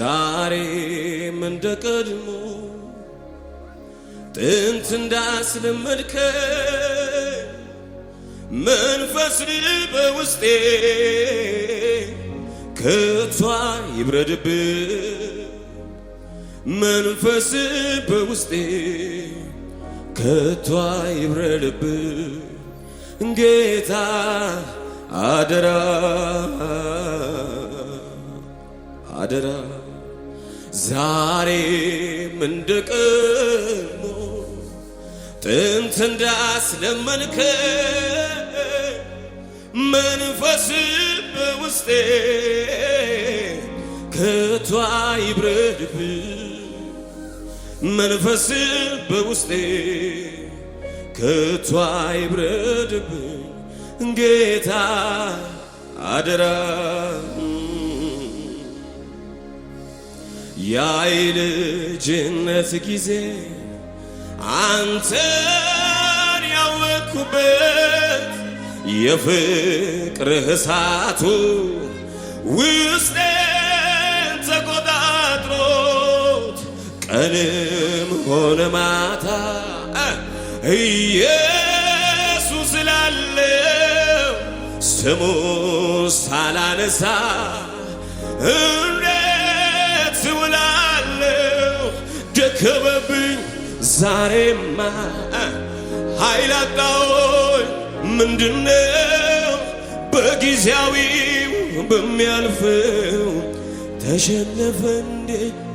ዛሬም እንደ ቀድሞ ጥንት እንዳስለመድከ መንፈስ በውስጤ ከቷ ይብረድብ መንፈስ በውስጤ ከቷ ይብረድብ ጌታ አደራ አደራ ዛሬም እንደ ቀድሞ ጥንት እንዳስለመንከ መንፈስ በውስጤ ከቶ አይብረድብ መንፈስ በውስጤ ከቶ አይብረድብ ጌታ አደራ ያ የልጅነት ጊዜ አንተን ያወቅኩበት የፍቅር እሳቱ ውስጤን ተቆጣጥሮት ቀንም ሆነ ማታ ኢየሱስ እላለው ስሙን ሳላነሳ ተረከበብኝ ዛሬማ ኃይል አጣሁኝ ምንድነው በጊዜያዊው በሚያልፈው ተሸነፈ እንዴ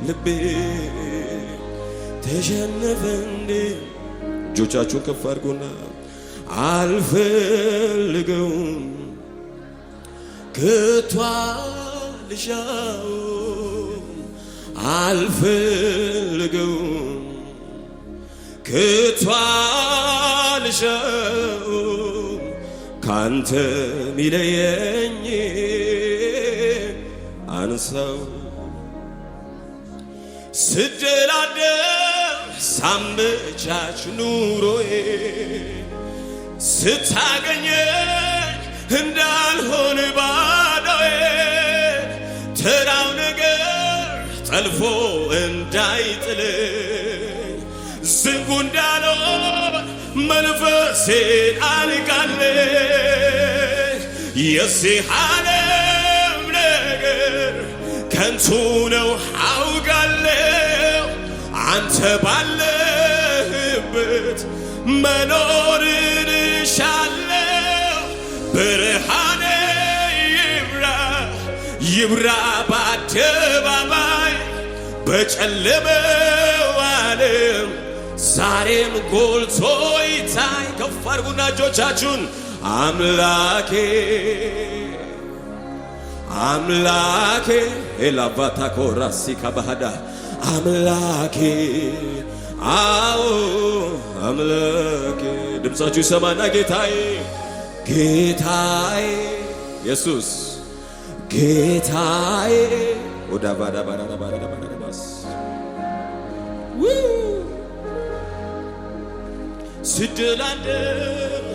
ልቤ ተሸነፈ እንዴ እጆቻችሁን ከፍ አድርጎና አልፈልገውም ክቷ አልፈልገው ከቶ አልሻውም ካንተ ሚለየኝ አንሰው ስደላደር ሳመቻች ኑሮዬ ስታገኘኝ እንዳልሆን ባ ጠልፎ እንዳይጥል ዝንጉ እንዳልሆን መንፈሴን አልቃል የዚህ ዓለም ነገር ከንቱ ነው አውቃለሁ አንተ ባለህበት መኖርን ሻለው ብርሃነ ይብራ ይብራ ባደ በጨለመው ዓለም ዛሬም ጎልቶ ይታይ። ከፍ አድርጉና እጆቻችሁን አምላኬ አምላኬ ኤላቫታ ኮራሲ ከባህዳ አምላኬ አዎ አምላኬ ድምፃችሁ ይሰማና ጌታዬ ጌታዬ ኢየሱስ ጌታዬ ወዳባዳባዳባዳባዳ ስደላደም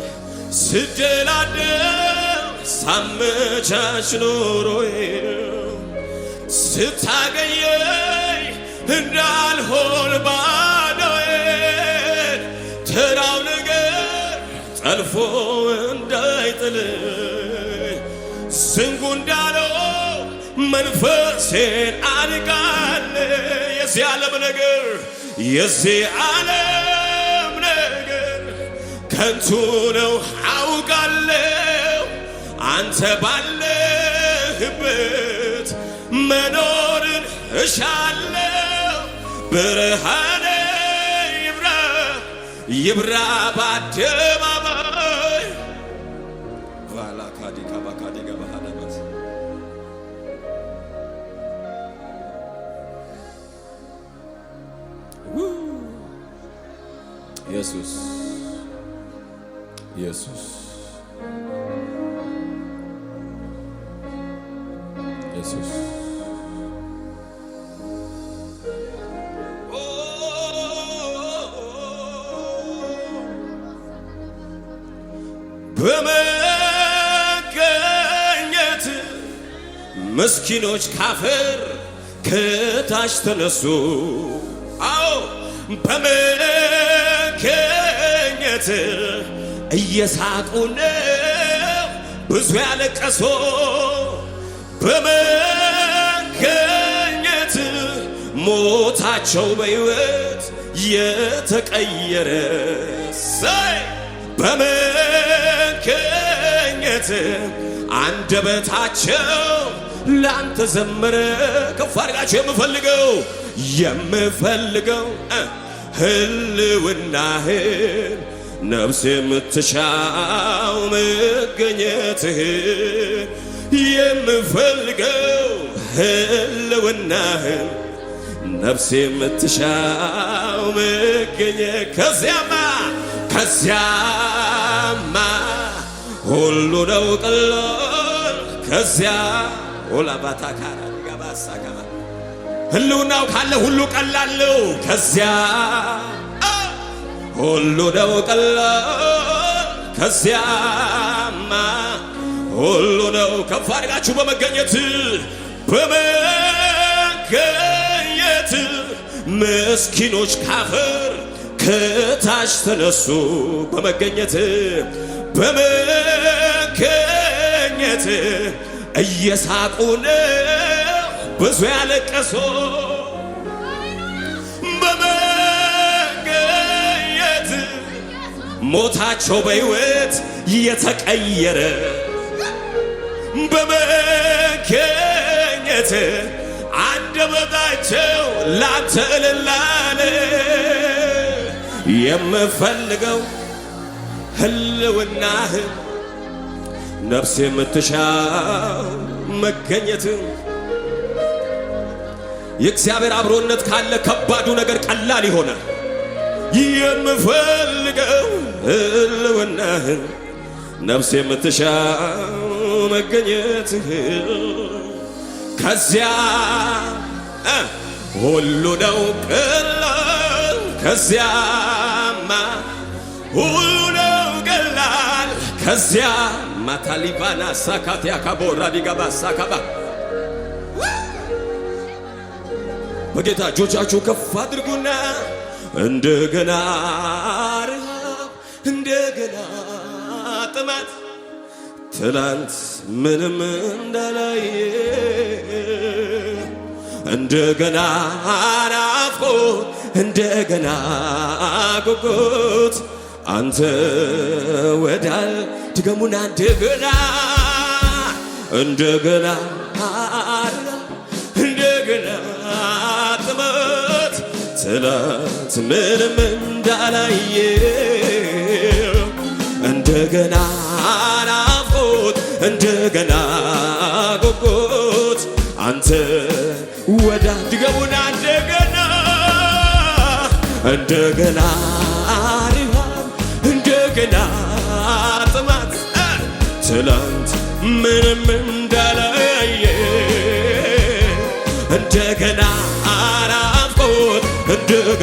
ስደላደም ሳመቻች ኖሮዬ ስታገኘኝ እንዳልሆን ባዶዬን ተራው ነገር ጠልፎ እንዳይጥል ዝንጉ እንዳለው መንፈሴን አድቃለ የዚህ ዓለም ነገር የዚህ ዓለም ነገር ከንቱ ነው አውቃለሁ። አንተ ባለህበት መኖርን እሻለሁ። ብርሃነ ይብራ ይብራ ባደማ ኢየሱስ ኢየሱስ ኢየሱስ በመገኘት ምስኪኖች ካፈር ከታች ተነሱ። አዎ በመ በረከት እየሳቁ ነው ብዙ ያለቀሶ በመገኘት ሞታቸው በሕይወት የተቀየረ ሰይ በመገኘት አንደበታቸው ላንተ ዘመረ። ከፍ አድርጋቸው የምፈልገው የምፈልገው ህልውናህን ነፍስ የምትሻው መገኘትህ የምፈልገው ህልውናህን ነፍስ የምትሻው መገኘት ከዚያማ ከዚያማ ሁሉ ነው ቅሎል ከዚያ ኦላባታ ካራ ጋባሳ ጋባ ህልውናው ካለ ሁሉ ቀላለው ከዚያ ሁሉ ነው ቀላል ከዚያማ ሁሉ ነው። ከፍ አድርጋችሁ በመገኘት በመገኘት ምስኪኖች ካፈር ከታች ተነሱ በመገኘት በመገኘት እየሳቁ ነው ብዙ ያለቀሰው ሞታቸው በሕይወት የተቀየረ በመገኘት አንደበታቸው ላንተ እልላለ የምፈልገው ህልውናህ ነፍስ የምትሻው መገኘት የእግዚአብሔር አብሮነት ካለ ከባዱ ነገር ቀላል ይሆናል። የምፈልገው ህልውናህን ነፍስ የምትሻው መገኘትህ ከዚያ ሁሉ ነው ቀላል ከዚያማ ሁሉ ነው ቀላል ከዚያ ማታሊባና ሳካቲያ ካቦራ ዲጋባ ሳካባ በጌታ እጆቻችሁ ከፍ አድርጉና እንደገና ረሃብ እንደገና ጥማት ትላንት ምንም እንዳላየ እንደገና ናፍቆት እንደገና ጉጉት አንተ ወዳል ድገሙና እንደገና እንደገና ጠላት ምንም እንዳላየ እንደገና ናፍቆት እንደገና ጎጎት አንተ ወዳጅ ገቡን እንደገና እንደገና ሪሃብ እንደገና ጥማት ትላንት ምንም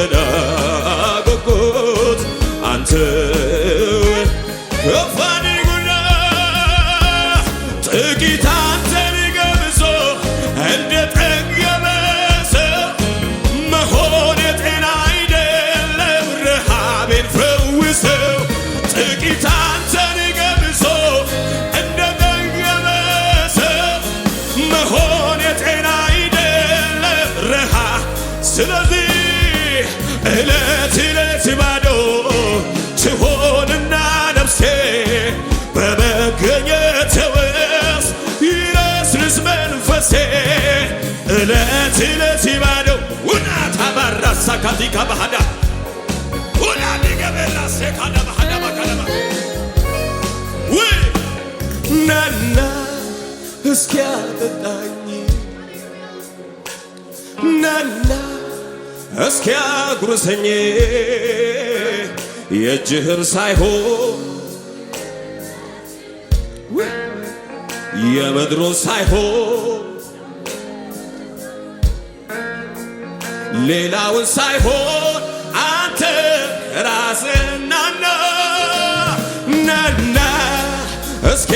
እንደገና በጎት አንተ ከፋንጉና ጥቂት አንተን ገብሶ እንደ ጠገበ ሰው መሆን ጤና አይደለም፣ ረሃቤን ፈውሰው። ጥቂት አንተን ገብሶ እንደ ጠገበ ሰው መሆን ጤና አይደለም፣ ረሃ ስለዚህ እለት እለት ባዶ ስሆንና ነፍሴ በመገኘት ውስጥ ይለስልስ መንፈሴ እለት እለት ባዶ ውና ታባራሳ ካቲካ ባህዳ ውና ሊገበላ ሴካዳ ባህዳ ባካለባ ው እስኪ አጉርሰኝ የእጅህን ሳይሆን የምድሩ ሳይሆን ሌላውን ሳይሆን አንተ ራስህና ናና እስኪ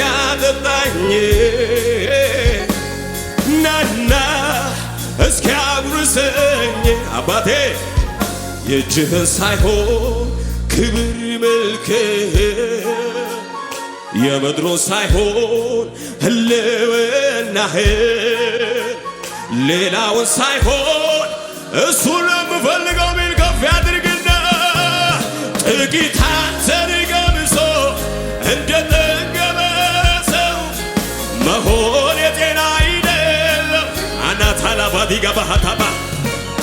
አባቴ የእጅህን ሳይሆን ክብር መልክህ የምድሮ ሳይሆን ህልውናህ ሌላውን ሳይሆን እሱ ለምፈልገው ሚል ከፍ ያድርግና ጥቂታን አንተን እንደ ጠገበ ሰው መሆን የጤና አይደለም አናታላባዲ ገባሃታባ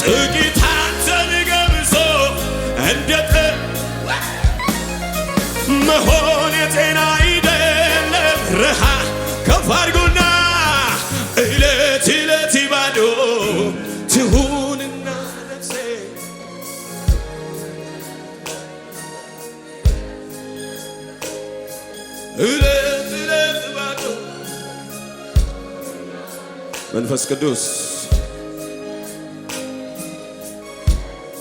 ጥቂት አንተን ገብሶ እንደ መሆን የጤና አይደለም ረሃ ከፍ አድርጎና እለት እለት ባዶ ትሁንና ነፍሴ እለት እለት ባዶ መንፈስ ቅዱስ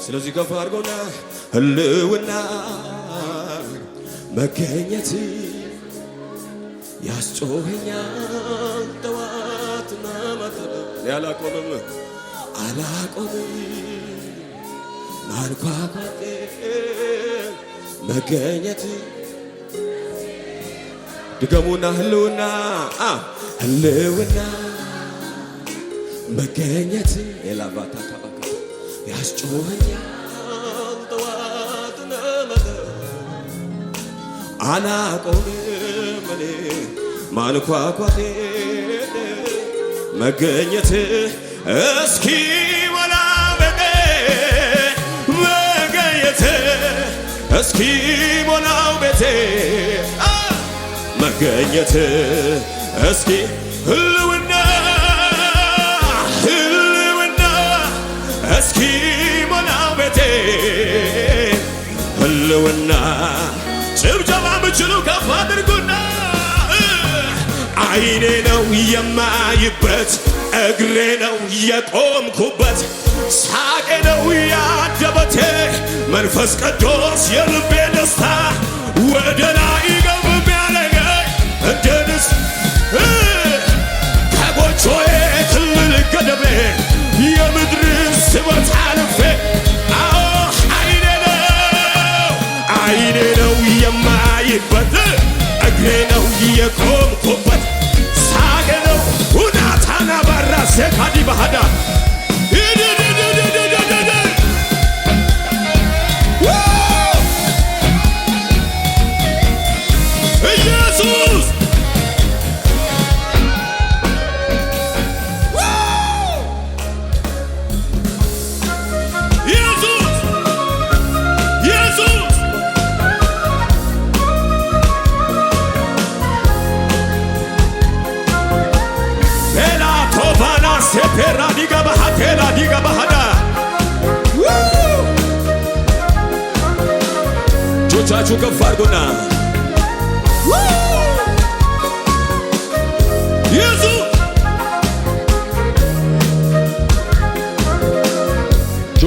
ስለዚህ ከፍ አድርጎና ህልውና መገኘት ያስጮኸኛል ጠዋትና ማታ ያላቆምም አላቆምም ማንኳኳቴ መገኘት ድገሙና ህልውና ህልውና መገኘት የላባታ ያስጮኸኛል ጠዋትና ማታ አላቆምም እኔ ማንኳኳቴ መገኘት እስኪ እስኪ ሞላው ቤቴ መገኘት እስኪ ህልውና ህልውና ጭብጨባ ምችሉ ከፍ አድርጉና አይኔ ነው የማይበት እግሬ ነው የቆምኩበት ሳቄ ነው ያደበቴ መንፈስ ቅዱስ የልቤ ደስታ ወደ ላይ ገብም ያለኛል እንደ ከጎጆዬ ክልል ገደቤ የምድር ስበት አልፌ mighty, though we are mighty, but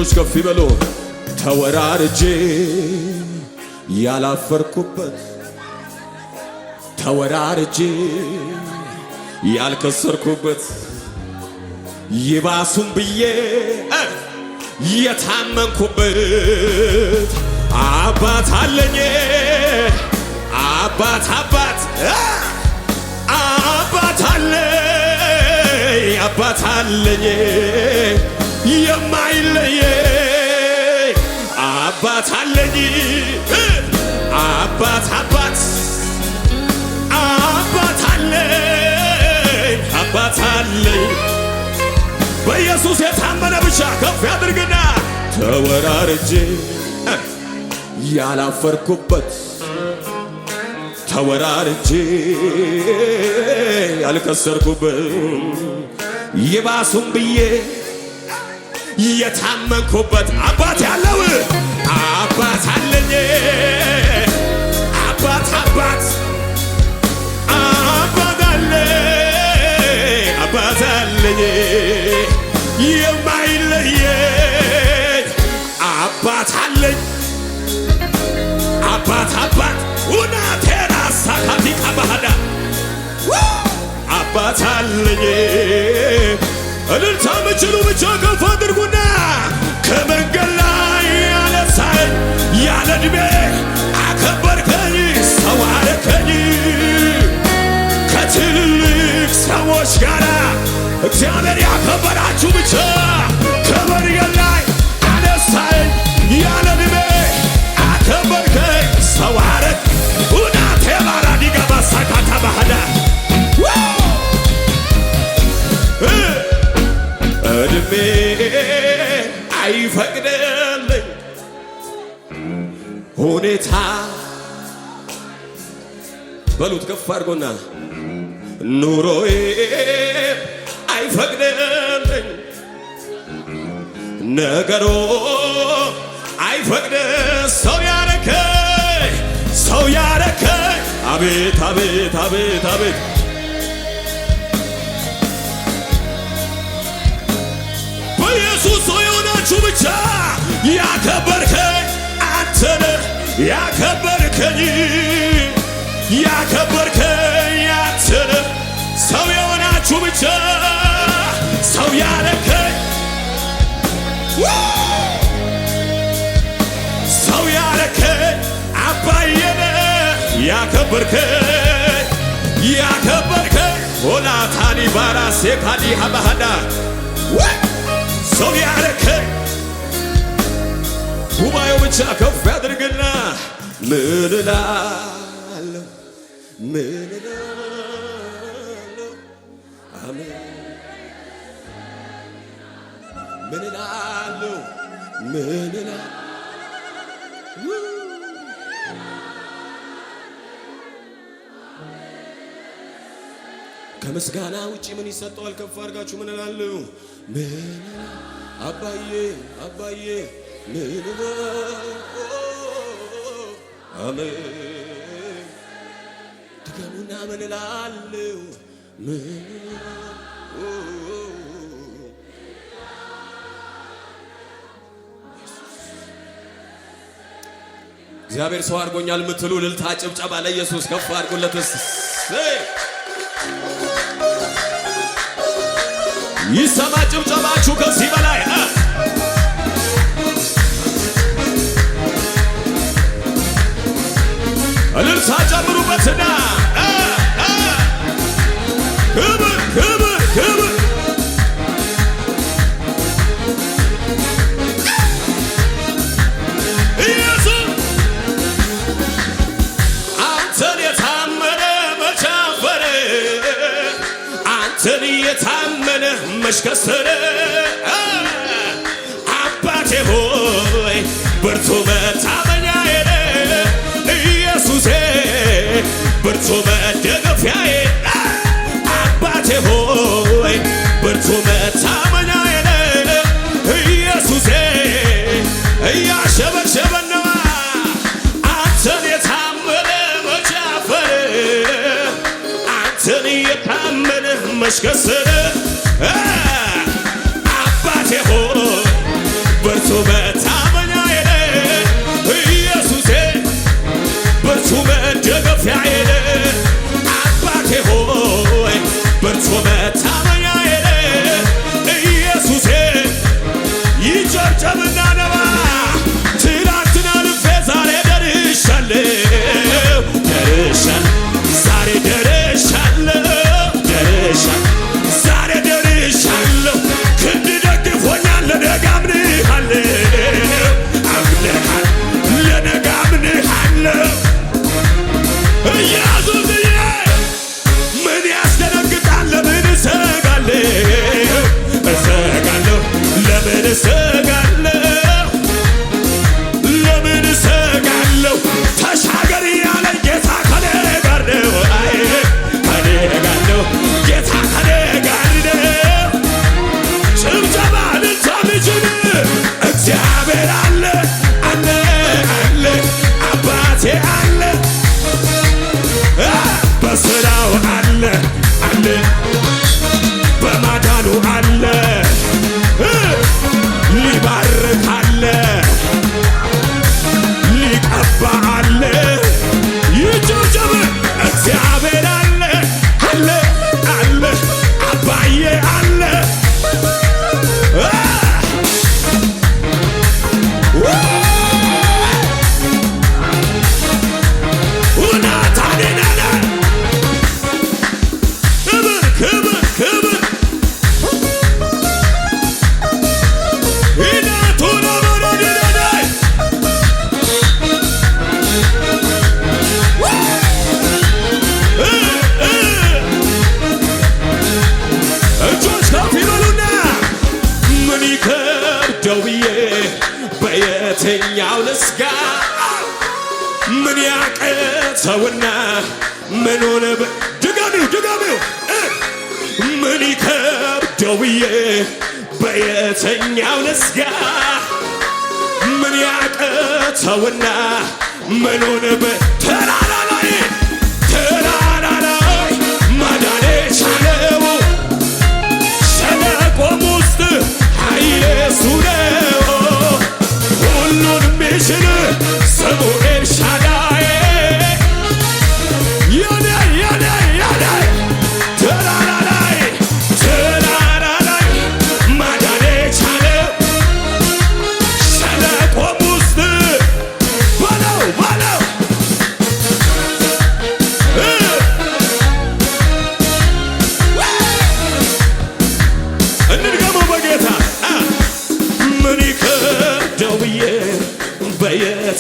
እጆች ከፍ ይበሉ። ተወራርጄ ያላፈርኩበት ተወራርጄ ያልከሰርኩበት ይባሱም ብዬ የታመንኩበት አባት አለኝ አባት አባት አባት አለኝ አባት አለኝ የማይለየ አባት አለኝ አባት አባት አባት አለኝ አባት አለኝ በኢየሱስ የታመነ ብቻ ከፍ ያድርግና ተወራርጄ ያላፈርኩበት ተወራርጄ ያልከሰርኩበት ይባሱም ብዬ የታመንኩበት አባት ያለው አባት አለኝ አባት አባት አባት አለ አባት አለኝ የማይለየ አባት አለኝ አባት አባት ሁናቴና ሳካፊ ቀባህዳ አባት አለኝ እልልታ ምችሉ ብቻ ከፍ አድርጉና ከመንገድ ላይ ያነሳኝ ያለ ዕድሜ አከበርከኝ፣ ሰው አረከኝ ከትልልቅ ሰዎች ጋር እግዚአብሔር ያከበራችሁ ብቻ ከመንገድ ላይ አነሳኝ ያለ በሉት ከፍ አድርጎና ኑሮዬ አይፈቅድልኝ ነገሮ አይፈቅድ ሰው ያረከኝ ሰው ያረከኝ አቤት አቤት አቤት አቤት በኢየሱስ ሰው የሆናችሁ ብቻ ያከበርከኝ አንተነ ያከበርከኝ ያከበርከኝ ያትነ ሰው የሆናችሁ ብቻ ሰው ያረከኝ ሰው ያረከኝ አባየነ ያከበርከኝ ያከበርከኝ ሆላ ታኒ ባራ ሴካኒ ሀባሃዳ ሰው ያረከኝ ጉባኤው ብቻ ከፍ ያድርግና ልልላ ምን እላለሁ ምን እላለሁ ምን እላለሁ ከምስጋና ውጭ ምን ይሰጠዋል? ከፍ አድርጋችሁ ምን እላለሁ ምን አባዬ አባዬ ምን አሜን ምን ላለው እግዚአብሔር ሰው አድርጎኛል የምትሉ ልልታ ጭብጨባ ለኢየሱስ ከፍ አድርጉለት። ይሰማ ጭብጨባችሁ ከዚህ በላይ እልልታ ጨምሩበትና ከሰረ አባቴ ሆይ ብርቱ መታመኛዬ ኢየሱሴ ብርቱ መደገፊያዬ አባቴ ሆይ ብርቱ መታመኛዬ ኢየሱሴ እያሸበሸበነዋ አንተን የታመነ መቻፈር አንተን የታመነ መሽከሰረ time. በየትኛው ልስጋ? ምን ያቅተውና ምኑን በተራራ ላይ ተራራ ላይ ማዳኔ ቻለው ሸለቆም ውስጥ ኃይሌ እሱ ነው። ሁሉን የሚችል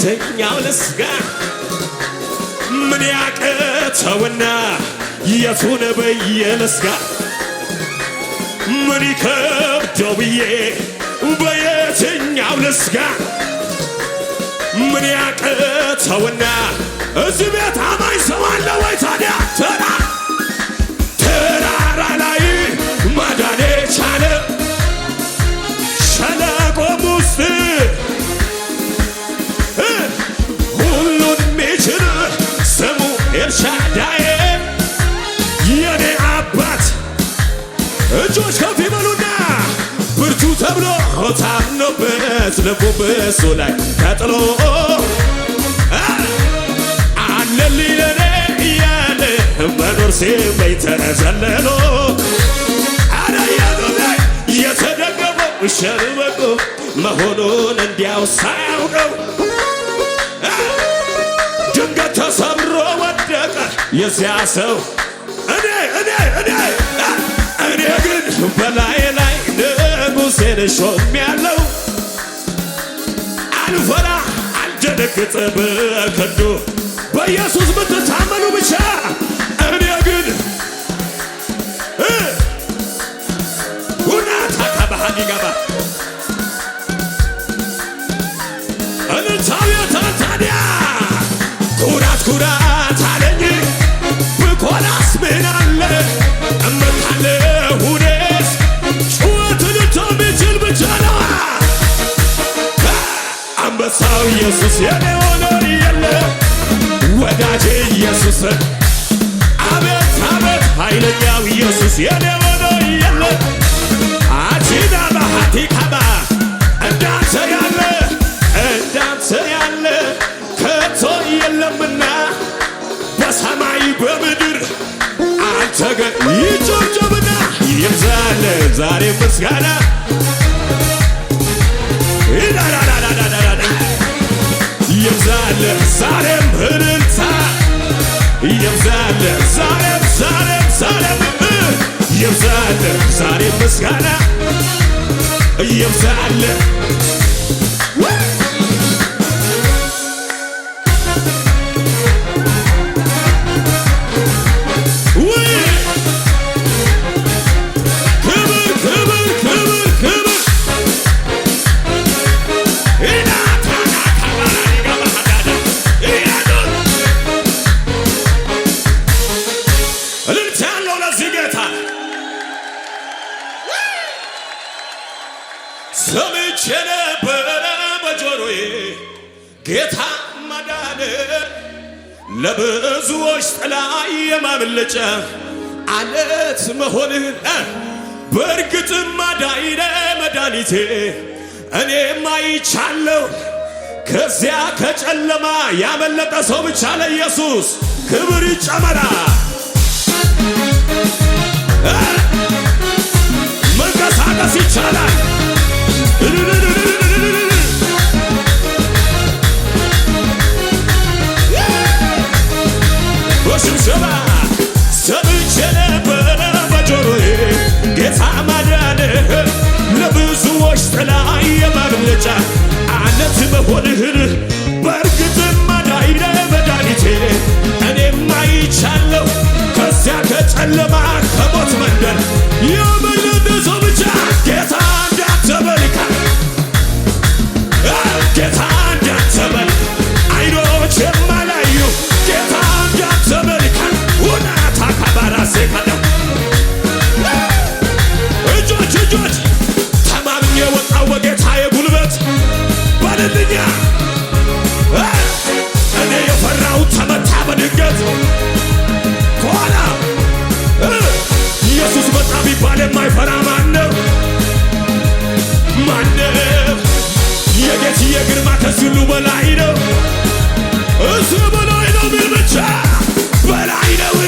የትኛው ልስጋ ምን ያቅተውና የቱን ብዬ ልስጋ ምን ይከብደው ብዬ በየትኛው ልስጋ ምን ያቅተውና እዚህ ቤት አማኝ ሰው አለ ወይ ታዲያ መዝለቁ በእሱ ላይ ተጥሎ አለልኝ ለኔ እያለ በኖር ሲመኝ ተዘለሎ ላይ የተደገመው ሸርበቆ መሆኑን እንዲያው ሳያውቀው ድንገት ተሰብሮ ወደቀ የዚያ ሰው እኔ እኔ እኔ እኔ ግን በላይ ላይ ንጉሴን ሾም ያለው አንፈራ አንደነግጥም ከቶ በኢየሱስ ብትታመኑ ብቻ እኔ ግን ሁናታ ከባሃኒ ጋባ ነው ኢየሱስ የኔ ሆኖን የለ ወዳጄ ኢየሱስ አቤት አቤት ኃይለኛው ኢየሱስ የኔ ሆኖን የለ አቺና ባሃቲ ካባ እንዳንተ ያለ እንዳንተ ያለ ከቶ የለምና በሰማይ በምድር አንተ ገ ይጮጮብና ይብዛለን ዛሬ ምስጋና ይዳራራ ይብዛል ዛሬም እልልታ ይብዛል ዛሬም ዛሬም ዛሬም ይብዛል ዛሬም ምስጋና ይብዛል ማምለጫ አለት መሆንህን በእርግጥም ማዳይነ መድኃኒቴ እኔም አይቻለሁ። ከዚያ ከጨለማ ያመለጠ ሰው ብቻ ለኢየሱስ ክብር ይጨመራ። መንቀሳቀስ ይቻላል። ሽብሸባ Freedom